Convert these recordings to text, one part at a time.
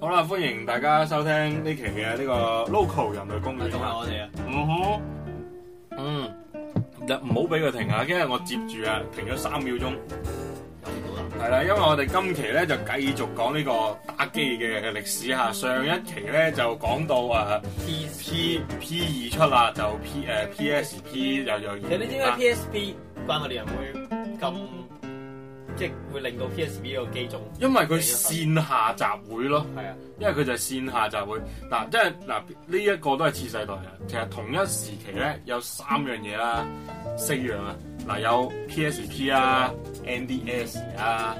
好啦，歡迎大家收聽呢期嘅呢個 local 人類公園啊！咁係我哋啊，嗯好，嗯，唔好俾佢停下停、嗯嗯嗯，因為我接住啊，停咗三秒鐘，有冇係啦，因為我哋今期咧就繼續講呢個打機嘅歷史吓，上一期咧就講到啊 PS P.，P P P 二出啦，就 P 誒、uh, P, P S P 又又二，你知唔知 P S P 關我哋人類咁？即係會令到 PSV 個機種，因為佢線下集會咯。係啊，因為佢就係線下集會嗱、啊，即係嗱呢一個都係次世代嘅。其實同一時期咧有三樣嘢啦，四樣啊嗱、啊，有 PSP 啊、NDS 啊、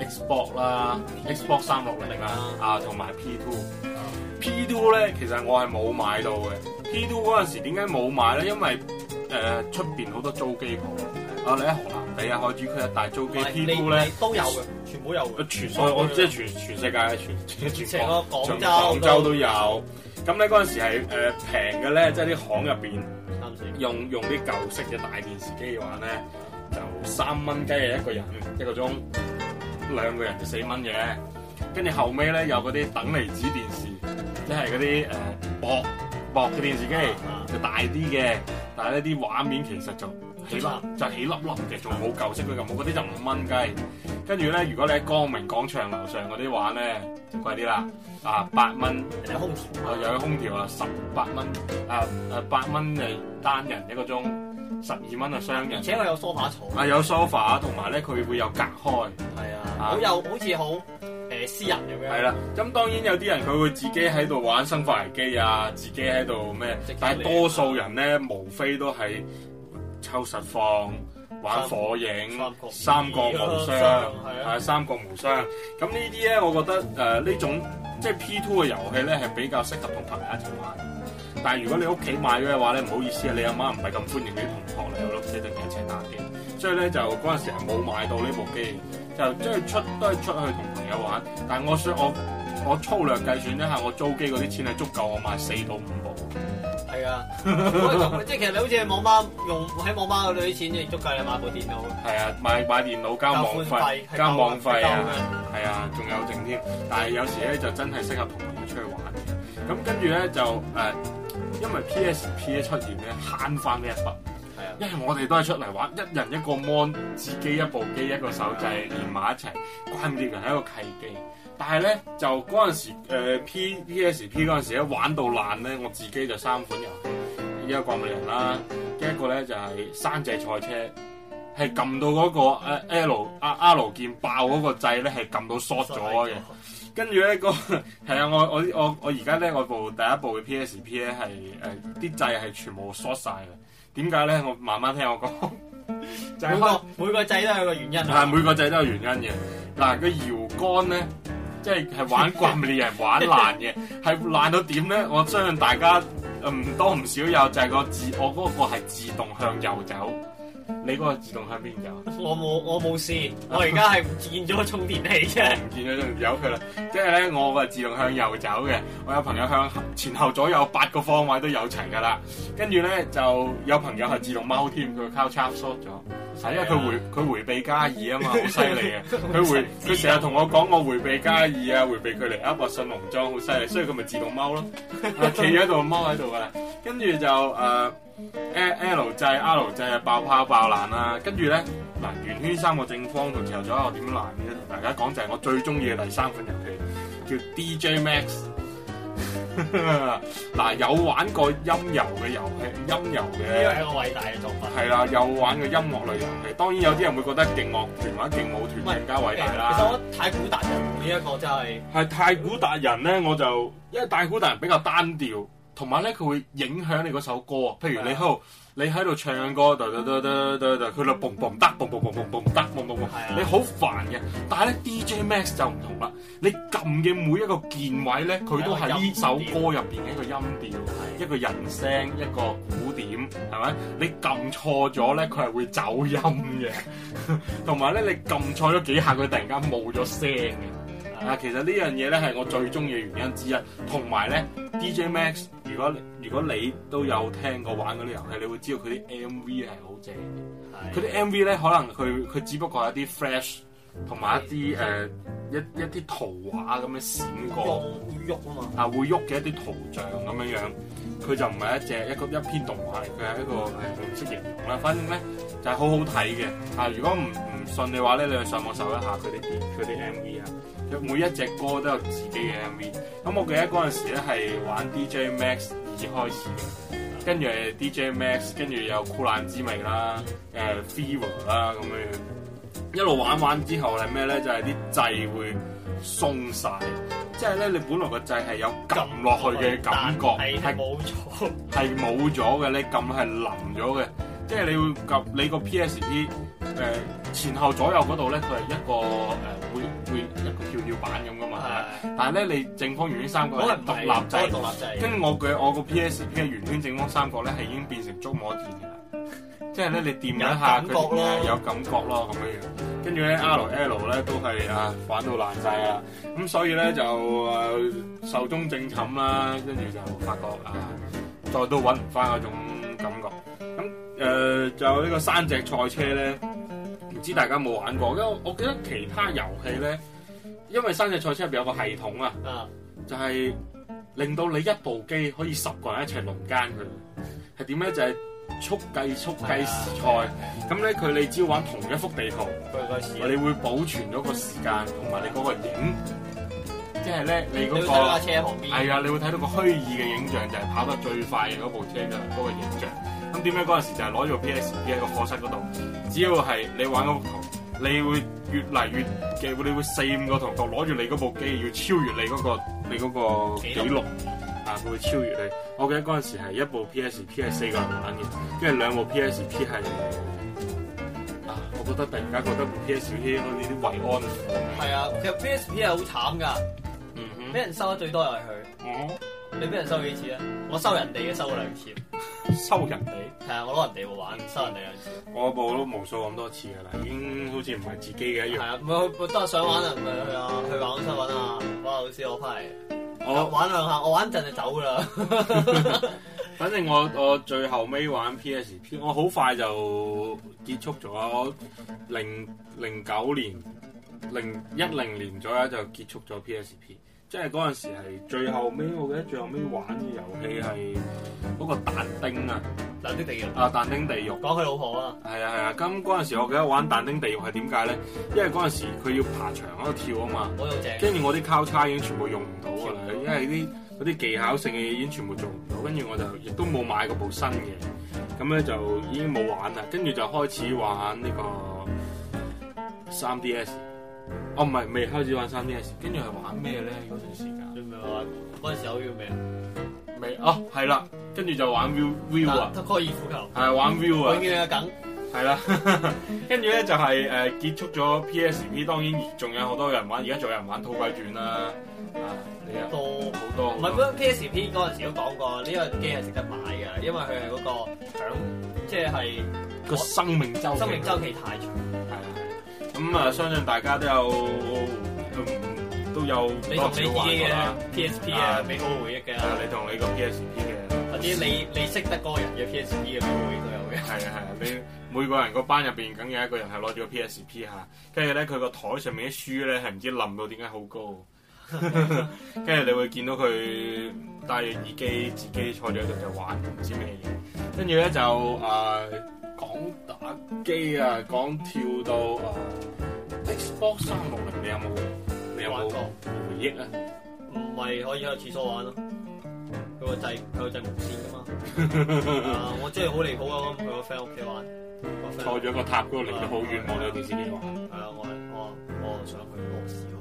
Xbox 啦、Xbox 三六零啦啊，同埋 P Two。啊、P Two 咧其實我係冇買到嘅。P Two 嗰陣時點解冇買咧？因為誒出邊好多租機鋪啊，你喺係啊，海珠區啊大租機，TV 咧都有嘅，全部有嘅。全我即係全全世界全全。成個廣州都有。咁咧嗰陣時係誒平嘅咧，即係啲巷入邊用用啲舊式嘅大電視機嘅話咧，就三蚊雞係一個人一個鐘，兩個人就四蚊嘅。跟住後尾咧有嗰啲等離子電視，即係嗰啲誒薄薄嘅電視機，就大啲嘅，但係呢啲畫面其實就。起粒麼就起粒粒嘅，仲好舊式嘅。嚿，我嗰啲就五蚊雞。跟住咧，如果你喺光明廣場樓上嗰啲玩咧，就貴啲啦。啊，八蚊空調、啊、有空調啊，十八蚊啊啊，八蚊就單人一個鐘，十二蚊就雙人。而且佢有梳化坐。啊，有梳化同埋咧，佢會有隔開。係啊，啊好有好似好誒私人咁樣。係啦、啊，咁當然有啲人佢會自己喺度玩生化危機啊，自己喺度咩？但係多數人咧，無非都係。抽實況、玩火影、三國無雙，係啊，三國無雙。咁呢啲咧，我覺得誒、呃、呢種即係 P two 嘅遊戲咧，係比較適合同朋友一齊玩。但係如果你屋企買嘅話咧，唔好意思啊，你阿媽唔係咁歡迎嗰啲同學嚟，我屋企一齊打機。所以咧就嗰陣時係冇買到呢部機，就即係出都係出去同朋友玩。但係我想我我粗略計算一下，我租機嗰啲錢係足夠我買四到五部。啊！即係其實你好似喺網吧用喺網吧嗰度啲錢，即係足夠你買部電腦。係 啊，買買電腦交網費，交網費啊！係啊，仲有剩添。但係有時咧就真係適合同朋友出去玩嘅。咁跟住咧就誒，因為、PS、P S P 嘅出現咧慳翻呢一筆。係啊，因為我哋都係出嚟玩，一人一個 mon，自己一部機，一個手掣連埋、啊、一齊，關鍵係一個契機。但係咧就嗰陣時誒、呃、P、PS、P S P 嗰陣時咧玩到爛咧，我自己就三款遊戲，依家怪物人啦，一個咧就係山寨賽車，係撳到嗰個誒 L, L R R 鍵爆嗰個掣咧係撳到 short 咗嘅，跟住咧個係啊我我我呢我而家咧我部第一部嘅 P S P 咧係誒啲掣係全部 short 晒嘅，點解咧我慢慢聽我講，每個每個掣都有個原因，係對每個掣都有原因嘅，嗱 個搖杆咧。即係係玩慣嘅人玩爛嘅，係爛到點咧？我相信大家唔、嗯、多唔少有就係、是、個自，我嗰個係自動向右走，你嗰個自動向邊走？我冇我冇事。我而家係唔見咗個充電器啫， 唔見咗就由佢啦。即係咧，我個自動向右走嘅，我有朋友向前後左右八個方位都有齊噶啦。跟住咧就有朋友係自動踎添，佢靠插鎖咗。係，因為佢回佢迴避加二啊嘛，好犀利啊！佢回佢成日同我講我回避加二啊，回避佢哋啊，博信農莊好犀利，所以佢咪自動踎咯，企咗喺度踎喺度噶啦。跟住就誒，L L 制、R 制啊，爆炮爆爛啦。跟住咧嗱，圓圈三個正方同之後左右點爛嘅咧，同大家講就係我最中意嘅第三款遊戲，叫 DJ Max。嗱， 有玩過音遊嘅遊戲，音遊嘅呢個係一個偉大嘅做法。係啦，有玩過音樂類遊戲，當然有啲人會覺得勁樂團或者勁舞團不更加偉大啦。其實我覺得太古達人呢一個真係係太古達人咧，我就因為太古達人比較單調。同埋咧，佢會影響你嗰首歌啊！譬如你喺度，你喺度唱歌，佢、呃呃呃呃、就嘣嘣得，嘣嘣嘣嘣嘣得，啊、你好煩嘅。但係咧，DJ Max 就唔同啦，你撳嘅每一個鍵位咧，佢都係呢首歌入邊嘅一個音調、啊、一個人聲、一個鼓點，係咪？你撳錯咗咧，佢係會走音嘅。同埋咧，你撳錯咗幾下，佢突然間冇咗聲嘅。啊，其實呢樣嘢咧係我最中意嘅原因之一，同埋咧，DJ Max，如果如果你都有聽過玩啲遊戲，你會知道佢啲 MV 係好正嘅。佢啲 MV 咧，可能佢佢只不過係一啲 Flash，同埋一啲誒的、呃、一一啲圖畫咁樣閃過會喐啊嘛。啊，會喐嘅一啲圖像咁樣樣，佢就唔係一隻一個一篇動畫，佢係一個誒佢唔識形容啦。反正咧就係、是、好好睇嘅。啊，如果唔～信你話咧，你去上網搜一下佢哋佢啲 M V 啊，每一隻歌都有自己嘅 M V。咁我記得嗰陣時咧係玩 D J Max 已經開始嘅，跟住 D J Max，跟住有酷難之味啦，誒 Fever 啦咁樣，一路玩玩之後係咩咧？就係啲掣會鬆晒。即係咧你本來個掣係有撳落去嘅感覺，係冇錯，係冇咗嘅，你撳係冧咗嘅，即係你會撳你個 P S P 誒前後左右嗰度咧，佢係一個誒、呃、會會一個跳跳板咁噶嘛， 但係咧你正方圓圈三角係獨立制，跟住我嘅我個 PSP 嘅圓圈正方三角咧係已經變成 觸摸墊嘅，即係咧你掂一下佢誒有,、啊、有感覺咯咁樣，跟住咧 RL 咧都係啊玩到爛晒啊，咁 所以咧就啊壽終正寢啦，跟住就發覺啊再都揾唔翻嗰種感覺咁。誒，仲有、呃、呢個山脊賽車咧，唔知大家有冇玩過？因為我記得其他遊戲咧，因為山脊賽車入邊有個系統啊，嗯、就係令到你一部機可以十個人一齊輪姦佢。係點咧？就係、是、速計、速計時賽。咁、嗯、咧，佢你只要玩同一幅地圖，嗯嗯、你會保存咗個時間同埋你嗰個影，即係咧你嗰、那個你車旁邊。係啊、哎，你會睇到個虛擬嘅影像，就係跑得最快嘅嗰部車嘅嗰個影像。咁點解嗰陣時就係攞住部 PSP 喺個課室嗰度？只要係你玩嗰圖，你會越嚟越嘅，你會四五個同學攞住你嗰部機，要超越你嗰、嗰個你嗰、嗰個紀錄，紀錄啊！會超越你。我記得嗰陣時係一部 PSP 係四個人玩嘅，跟住兩部 PSP 係。啊！我覺得突然間覺得部 PSP 咯呢啲慰安。係啊，其實 PSP 係好慘㗎。嗯哼，俾人收得最多又係佢。嗯、哼你俾人收幾次啊？我收人哋嘅收兩次。收人哋，係啊，我攞人哋部玩，收人哋啊！我部都無數咁多次噶啦，已經好似唔係自己嘅一樣。係啊，我，我都係想玩、嗯、啊，去啊，去玩都想玩下、啊。哇，老師我翻嚟，我，我玩兩下，我玩一陣就走噶啦。 反正我我最後尾玩 PSP，我好快就結束咗。啊。我零零九年、零一零年左右就結束咗 PSP。即係嗰陣時係最後屘，我記得最後屘玩嘅遊戲係嗰個但丁啊，但丁地獄。啊，但丁地獄。講佢老婆啊。係啊係啊，咁嗰陣時我記得玩但丁地獄係點解咧？因為嗰陣時佢要爬牆嗰度跳啊嘛。啊我用正。跟住我啲交叉已經全部用唔到噶啦，嗯、因為啲啲技巧性嘅嘢，已經全部做唔到，跟住我就亦都冇買過部新嘅，咁咧就已經冇玩啦。跟住就開始玩呢個三 D S。我唔係未開始玩 3DS 跟住係玩咩咧嗰陣時間？你咪玩嗰陣時候要咩？未哦，係啦，跟住就玩 Wii 啊，打高爾夫球，係玩 Wii 啊，玩完個梗，係啦，跟住咧就係誒結束咗 PSP，當然仲有好多人玩，而家仲有人玩《討鬼傳》啦，多好多。唔係嗰個 PSP 嗰陣時，都講過，呢個機係值得買㗎，因為佢係嗰個長，即係個生命週生命週期太長。咁啊、嗯，相信大家都有，都、嗯、都有多少玩過啦。過回憶啊，啊，你同你個 PSP 嘅美好回憶嘅。啊，你同你個 PSP 嘅。或者你你識得嗰人嘅 PSP 嘅美好回憶都有嘅。係啊，係啊，你每個人個班入邊梗有一個人係攞住個 PSP 嚇，跟住咧佢個台上面啲書咧係唔知冧到點解好高，跟 住你會見到佢戴住耳機，自己坐住喺度就玩唔知咩嘢，跟住咧就啊。呃講打機啊，講跳到、呃、Xbox, 啊，Xbox 三六零，你有冇？你有,有玩過？回憶啊？唔係可以喺個廁所玩咯，佢個掣佢個掣無線噶嘛。我真係好離譜啊，去、啊 uh, 個 friend 屋企玩。 坐住個塔嗰、那個離得好遠，望住個電視機。係啊，我我我想去樂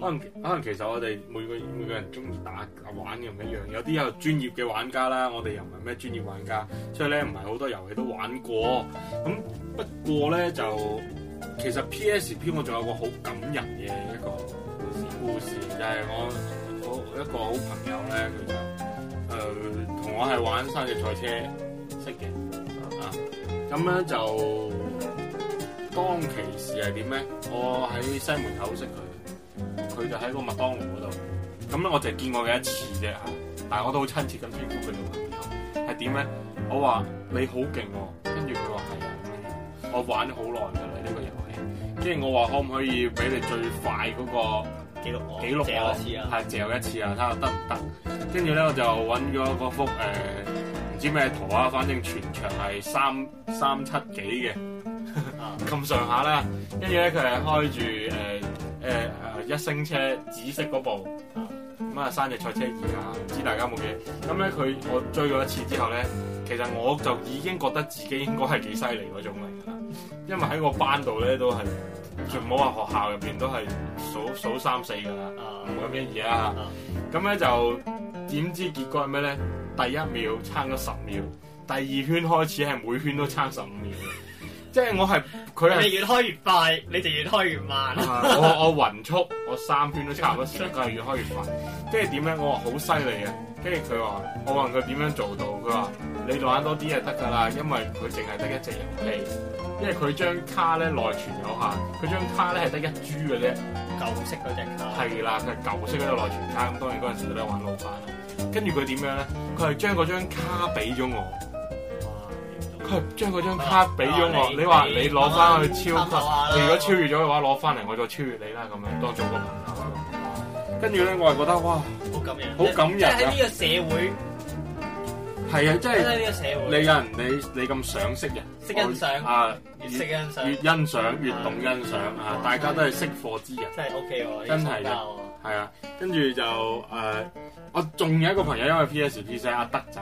可能可能其實我哋每個每個人中意打玩嘅唔一樣，有啲有專業嘅玩家啦，我哋又唔係咩專業玩家，所以咧唔係好多遊戲都玩過，咁不過咧就其實 PSP 我仲有個好感人嘅一個故事，就係、是、我我一個好朋友咧，佢就誒同、呃、我係玩《山脊賽車》識嘅啊，咁、啊、咧就當其時係點咧？我喺西門口識佢。就喺個麥當勞嗰度，咁咧我就係見過佢一次啫嚇，但係我都好親切咁招呼佢老朋友，係點咧？我話你好勁喎，跟住佢話係啊，我玩咗好耐噶啦呢個遊戲，跟住我話可唔可以俾你最快嗰、那個記錄記錄啊？係，最後一次啊，睇下得唔得？跟住咧我就揾咗嗰幅誒唔、呃、知咩圖啊，反正全場係三三七幾嘅咁上下咧，跟住咧佢係開住誒。呃呃誒誒、呃、一星車紫色嗰部，咁啊山脊賽車兒啊，唔知大家有冇記？咁咧佢我追過一次之後咧，其實我就已經覺得自己應該係幾犀利嗰種嚟嘅啦。因為喺個班度咧都係、啊嗯，就唔好話學校入邊都係數數三四㗎啦。咁樣嘢啊，咁咧就點知結果係咩咧？第一秒差咗十秒，第二圈開始係每圈都差十五秒。即係我係佢係，越開越快，你就越開越慢。 我我匀速，我三圈都差唔多時間。越開越快，跟住點咧？我話好犀利嘅，跟住佢話，我話佢點樣做到，佢話你玩多啲就得噶啦，因為佢淨係得一隻遊戲，因為佢張卡咧內存有限，佢張卡咧係得一 G 嘅啫。舊式嗰隻卡係啦，佢係舊式嗰隻內存卡。咁當然嗰陣時都玩老版啦。跟住佢點樣咧？佢係將嗰張卡俾咗我。將嗰張卡俾咗我，你話你攞翻去超越，如果超越咗嘅話，攞翻嚟我再超越你啦，咁樣多做個朋友。跟住咧，我係覺得哇，好感人，好感人啊！喺呢個社會，係啊，真係喺呢個社會，你有人，你你咁想識人，識欣賞，越識欣賞，越欣賞，越懂欣賞啊！大家都係識貨之人，真係 OK 喎，真係嘅，係啊。跟住就誒，我仲有一個朋友，因為 PSP 識阿德仔。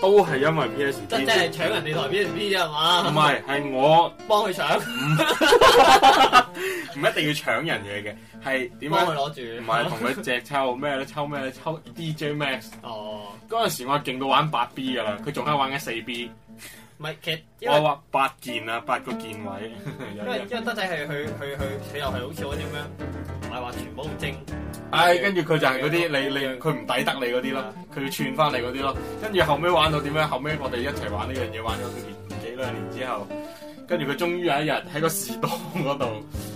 都係因為 P S P，得即係搶人哋台 P S P 啫係嘛，唔係係我幫佢搶，唔一定要搶人嘢嘅，係點樣去攞住？唔係同佢借抽咩咧，抽咩咧，抽 D J Max。哦，嗰陣時我係勁到玩八 B 噶啦，佢仲係玩緊四 B。唔係，其實我話八鍵啊，八個鍵位。因為因為得仔係佢佢佢佢又係好似我啲咁樣，唔係話全部精。唉，跟住佢就係嗰啲你你佢唔抵得你嗰啲咯，佢串翻你嗰啲咯。跟住後尾玩到點樣？後尾我哋一齊玩呢樣嘢玩咗幾兩年之後，跟住佢終於有一日喺個時盞嗰度，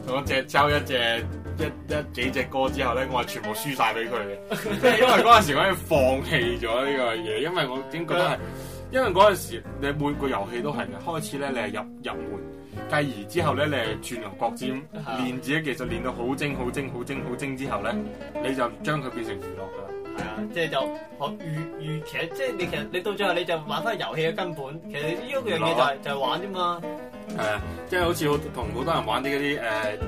我隻揪一隻一一幾隻歌之後咧，我係全部輸晒俾佢嘅。 因為嗰陣時我已經放棄咗呢個嘢，因為我點講咧？因為嗰陣時你每個遊戲都係嘅，開始咧，你係入入門。繼而之後咧，你係轉用搏尖、啊、練自己技術，練到好精、好精、好精、好精之後咧，你就將佢變成娛樂㗎。係啊，即係就可娛娛劇，即係你其實你到最後你就玩翻遊戲嘅根本。其實呢一個樣嘢就係、係啊、就係玩啫嘛。係啊，即係好似好同好多人玩啲嗰啲誒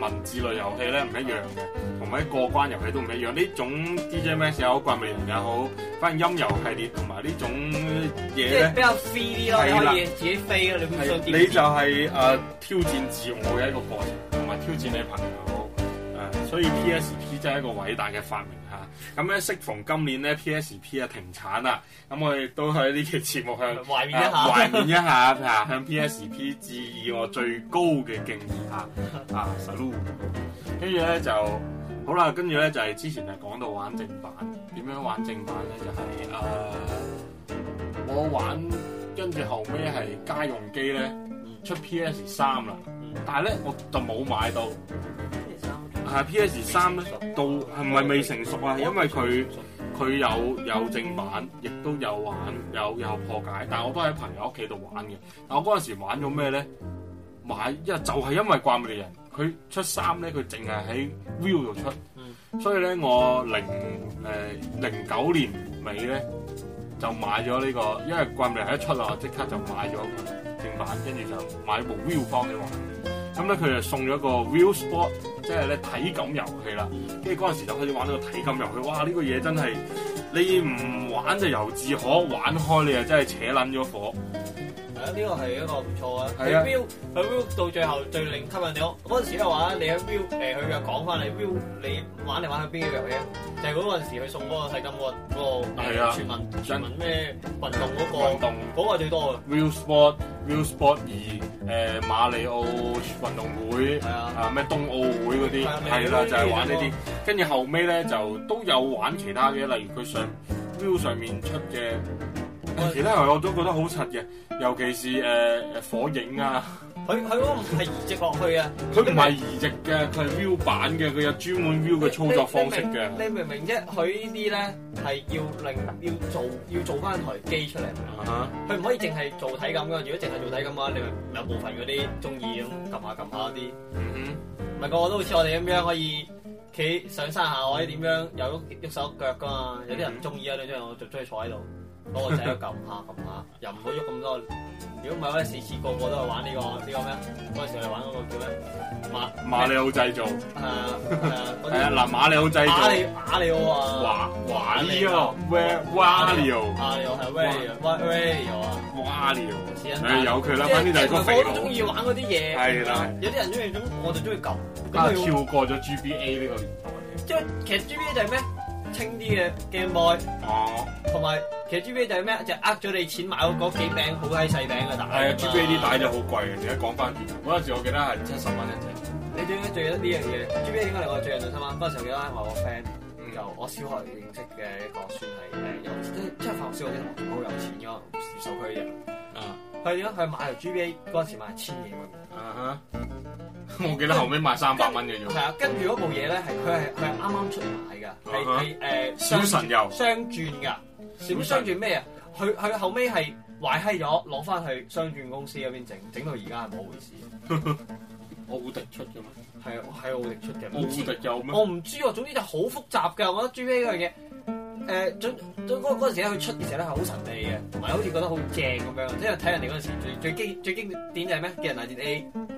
文字類遊戲咧唔一樣嘅。同埋過關遊戲都唔一樣，呢種 DJ Max 又好，怪物獵人又好，反正音遊系列同埋呢種嘢咧，即係比較飛啲咯，可以了自己飛你你就係、是、誒、uh, 挑戰自我嘅一個過程，同埋挑戰你朋友誒，uh, 所以 P S P 真係一個偉大嘅發明吓。咁、啊、咧，適逢今年咧 P S P 啊停產啦，咁我哋都喺呢期節目向懷念一下，懷念、啊、一下吓， 向、PS、P S P 致以我最高嘅敬意吓啊,啊 salute 跟住咧就。好啦，跟住咧就係、是、之前就講到玩正版，點樣玩正版咧？就係、是、誒、呃，我玩跟住後尾係家用機咧，出 PS3 啦，但係咧我就冇買到。啊、PS3 係 PS3 咧到係咪未成熟啊？熟啊，因為佢佢有有正版，亦都有玩有有破解，但係我都喺朋友屋企度玩嘅。但我嗰陣時玩咗咩咧？買一就係、是、因為掛咪人。佢出三咧，佢淨係喺 View 度出，嗯、所以咧我零誒零九年尾咧就買咗呢個，因為怪物喺一出啊，我即刻就買咗正版，跟住就買部 View 幫你玩。咁咧佢就送咗個 View Sport，即係咧體感遊戲啦。跟住嗰陣時就開始玩呢個體感遊戲，哇！呢個嘢真係你唔玩就由自可，玩開你啊真係扯撚咗火。呢個係一個唔錯啊！佢 view 佢 view 到最後最令吸引你嗰陣時嘅話，你喺 view 誒佢就講翻你 view 你玩嚟玩去邊個遊戲？就係嗰陣時佢送嗰個《泰金運》嗰個全民全民咩運動嗰個，嗰個最多嘅。View Sport View Sport 二誒馬里奧運動會啊咩冬奧會嗰啲係啦，就係玩呢啲。跟住後尾咧就都有玩其他嘅，例如佢上 view 上面出嘅。其他台我都覺得好柒嘅，尤其是誒誒、呃、火影啊！佢，佢唔係移植落去啊！佢唔係移植嘅，佢係 view 版嘅，佢有專門 view 嘅操作方式嘅。你明唔明啫？佢呢啲咧係要令要做要做翻台機出嚟。佢唔、uh huh. 可以淨係做體感噶，如果淨係做體感啊，你咪有部分嗰啲唔中意咁撳下撳下啲。嗯哼，唔係個個都好似我哋咁樣可以企上山下或者點樣，有喐手喐腳噶嘛？有啲人唔中意啊，你啲人我最中意坐喺度。 攞個仔去撳下撳下，又唔好喐咁多。如果唔係嗰陣時，次個個都係玩呢個呢個咩？嗰陣時係玩嗰個叫咩？馬馬里奧製造，係啊係啊，嗱、嗯哎、馬里奧製造。打你打你我話。瓦瓦里歐，Wario。瓦里歐係 Wario，Wario 啊。瓦里歐，有佢啦。反正、啊 e 啊 yeah, 就係個肥佬。我都中意玩嗰啲嘢。係啦。有啲人中意咁，我就中意撳。就超過咗 GBA 呢個年代。即係其實 GBA 就係咩？清啲嘅 Game Boy，哦，同埋其實 G B A 就係咩？就呃、是、咗你錢買嗰嗰幾餅好閪細餅嘅帶，係、哎、呀啊，G B A 啲帶就好貴嘅。而家講翻轉，嗰、那、陣、個、時我記得係七十蚊一隻。你最最記得呢樣嘢？G B A 點解嚟？我最印象最深嗰陣時我記得我個 friend，、嗯、由我小學認識嘅一個算係誒有即即係同我小學啲同學好有錢嘅，越秀區嘅。啊，係點啊？佢買 G B A 嗰陣時買千幾蚊。啊哈。我 記得後尾賣三百蚊嘅啫。係啊，跟住嗰部嘢咧，係佢係佢係啱啱出賣㗎，係係誒小神遊、雙鑽㗎。點雙鑽咩啊？佢佢神後尾係壞閪咗，攞翻去雙鑽公司嗰邊整，整到而家係冇回事。 奧迪出嘅咩？係啊，係奧迪出嘅。奧迪有咩？我唔知喎，總之就好複雜㗎。我覺得最尾嗰樣嘢，誒總總嗰陣時佢出嘅時候咧係好神秘嘅，同埋好似覺得好正咁樣。即係睇人哋嗰陣時最最經最經典就係咩？機人大戰 A。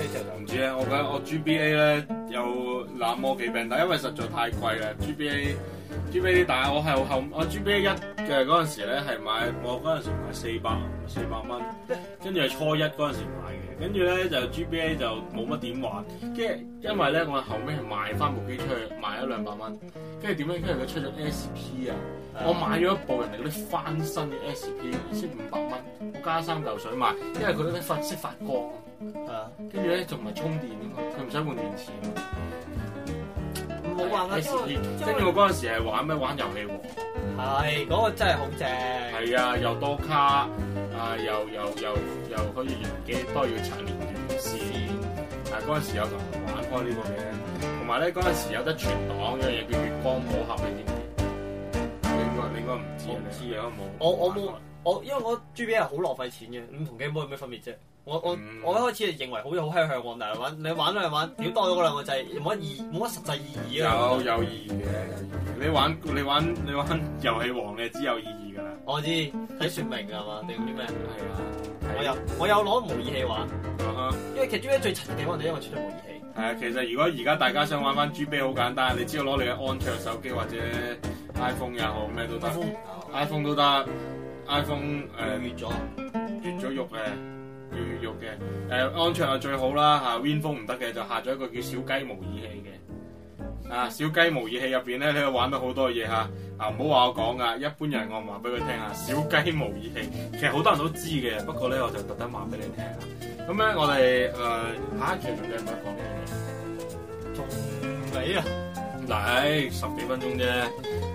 其實就唔知咧，我覺得我 G B A 咧有懶魔忌病，但因為實在太貴啦。G B A，G B A，但係我係我，我，我後我 G B A 一嘅嗰陣時咧係買我嗰陣時買四百四百蚊，跟住係初一嗰陣時買嘅，跟住咧就 G B A 就冇乜點玩，跟住因為咧我後屘賣翻部機出去賣咗兩百蚊，跟住點咧？跟住佢出咗 S P 啊，我買咗一部人哋啲翻新嘅 S P，先五百蚊，我加三頭水賣，因為佢嗰啲發色發光。係啊，跟住咧仲唔係充電嘅嘛？佢唔使換電池。啊，我玩啊。跟住我嗰陣時係玩咩？玩遊戲喎。係，嗰個真係好正。係啊，又多卡，啊又又又又可以連機，都係要插連電線。但係嗰陣時有玩開呢個嘢，同埋咧嗰陣時有得存檔，樣嘢叫月光寶盒，你知唔知？你應該你應該唔知。我唔知啊，我我我冇，我因為我 GBA 係好浪費錢嘅，咁同 Game Boy 有咩分別啫？我我我一開始係認為好似好傾向玩，但係玩你玩咗嚟玩屌多咗嗰兩個掣冇乜意冇乜實際意義嘅。有有意義嘅，有意義。你玩你玩你玩遊戲王你知有意義噶啦。我知睇說明噶嘛，你嗰啲咩？係啊，我有我有攞模擬器玩。因為其中最最沉嘅地方就係因為出咗模擬器。係啊，其實如果而家大家想玩翻 G B 好簡單，你只要攞你嘅安卓手機或者 iPhone 也好咩都得。iPhone 都得。iPhone 都誒，跌咗跌咗肉嘅。要肉嘅，誒、呃、安卓就最好啦嚇。Win Phone 唔得嘅，就下咗一個叫小雞模擬器嘅啊。小雞模擬器入邊咧，你玩到好多嘢嚇啊！唔好話我講噶，一般人我唔話俾佢聽啊。小雞模擬器其實好多人都知嘅，不過咧我就特登話俾你聽、呃、啊。咁、啊、咧，我哋誒嚇仲未唔使講呢樣嘢，仲未啊嗱，誒十幾分鐘啫。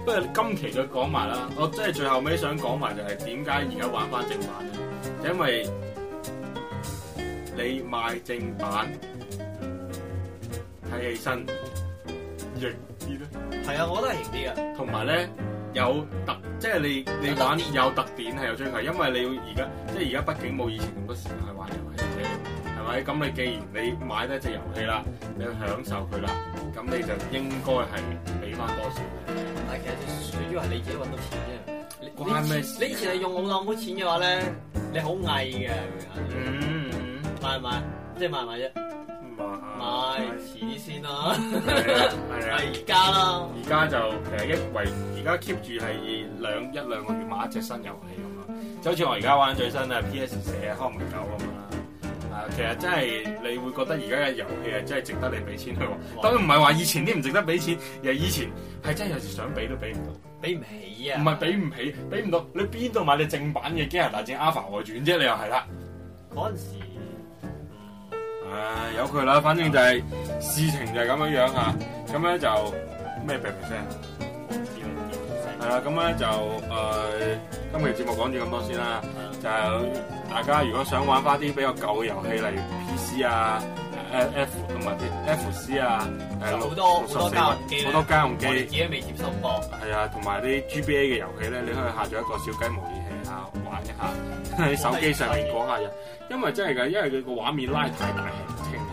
不過今期佢講埋啦，我真係最後尾想講埋就係點解而家玩翻正版咧，因為，你買正版，睇起身型啲咧？係啊，我都係型啲噶。同埋咧，有特即係你你玩啲有特點係有追求，因為你要而家即係而家畢竟冇以前咁多時間去玩遊戲，係咪？咁你既然你買得隻遊戲啦，你去享受佢啦，咁你就應該係俾翻多少？唔係，其實最主要係你自己揾到錢啫。你、係咪、你以前係用好耐冇錢嘅話咧，你好翳嘅。嗯。買買，即係買買啫。買，遲啲買先咯、啊啊。唔係而家咯。而家 就，就其實一維，而家 keep 住係兩一兩個月買一隻新遊戲咁啊，就好似我而家玩最新啊 PS 四嘅《看門狗》啊嘛。啊，其實真係你會覺得而家嘅遊戲啊，真係值得你俾錢去。當然唔係話以前啲唔值得俾錢，而係以前係真係有時想俾都俾唔到，俾唔起啊。唔係俾唔起，俾唔到。你邊度買你正版嘅《機人大戰》Alpha 外傳啫？你又係啦。嗰陣時。誒、嗯，有佢啦，反正就係事情就係咁樣樣啊，咁咧就咩 p e r c e n 係啦，咁咧、嗯嗯嗯啊、就誒、呃，今期節目講住咁多先啦，嗯、就係大家如果想玩翻啲比較舊嘅遊戲，例如 PC 啊，F F 同埋啲 F C 啊，誒、嗯，好、啊、多好多，物多家用機，好多家用機，我自己未接受過。係啊，同埋啲 G B A 嘅遊戲咧，你可以下載一個小雞模型。玩一下喺 手機上面講下嘢，因為真係㗎，因為佢個畫面拉太大，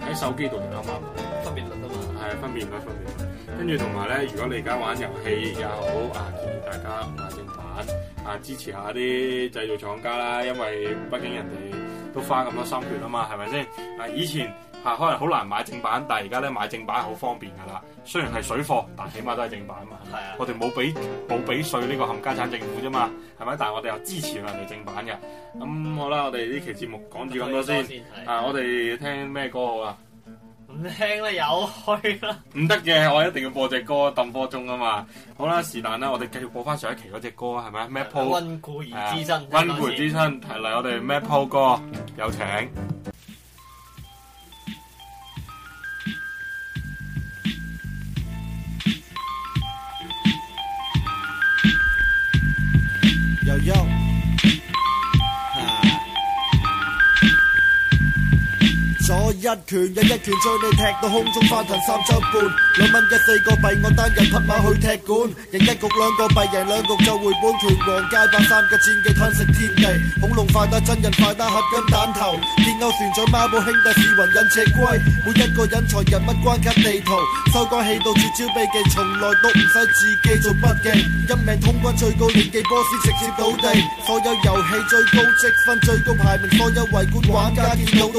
喺手機度就啱啱好分辨率啊嘛，係分辨率，分辨率。跟住同埋咧，如果你而家玩遊戲也好，啊建議大家買正版，啊支持下啲製造廠家啦，因為畢竟人哋都花咁多心血啊嘛，係咪先？啊以前。可能好難買正版，但係而家咧買正版係好方便噶啦。雖然係水貨，但起碼都係正版嘛。係啊的。我哋冇俾冇俾稅呢個冚家鏟政府啫嘛，係咪？但係我哋又支持人哋正版嘅。咁、嗯、好啦，我哋呢期節目講住咁多先。啊，我哋聽咩歌好啊？唔聽啦，有去啦。唔得嘅，我一定要播隻歌揼波鐘啊嘛。好啦，是但啦，我哋繼續播翻上一期嗰隻歌，係咪？Maple。溫故的、嗯、而的知新。溫故之身，係嚟我哋 Maple 歌，有請。一拳，一一拳將你踢到空中翻騰三週半。兩蚊一四個幣，我單人匹馬去踢館。贏一局兩個幣，贏兩局就回本。拳皇街霸三國戰紀吞食天地，恐龍快打真人快打合金彈頭，劍勾船長孖寶兄弟閃雲忍者龜。每一個隱藏人物關卡地圖，收關氣到絕招秘技，從來都唔使自己做筆記。一命通關最高連記，波士直接倒地。所有遊戲最高積分、最高排名，所有圍觀玩家見到都，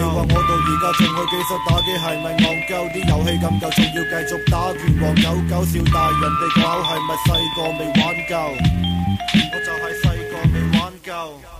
你話我到而家仲去機室打機係咪戇鳩？啲遊戲咁舊，仲要繼續打？拳王有搞笑大，大人哋講係咪細個未玩夠？我就係細個未玩夠。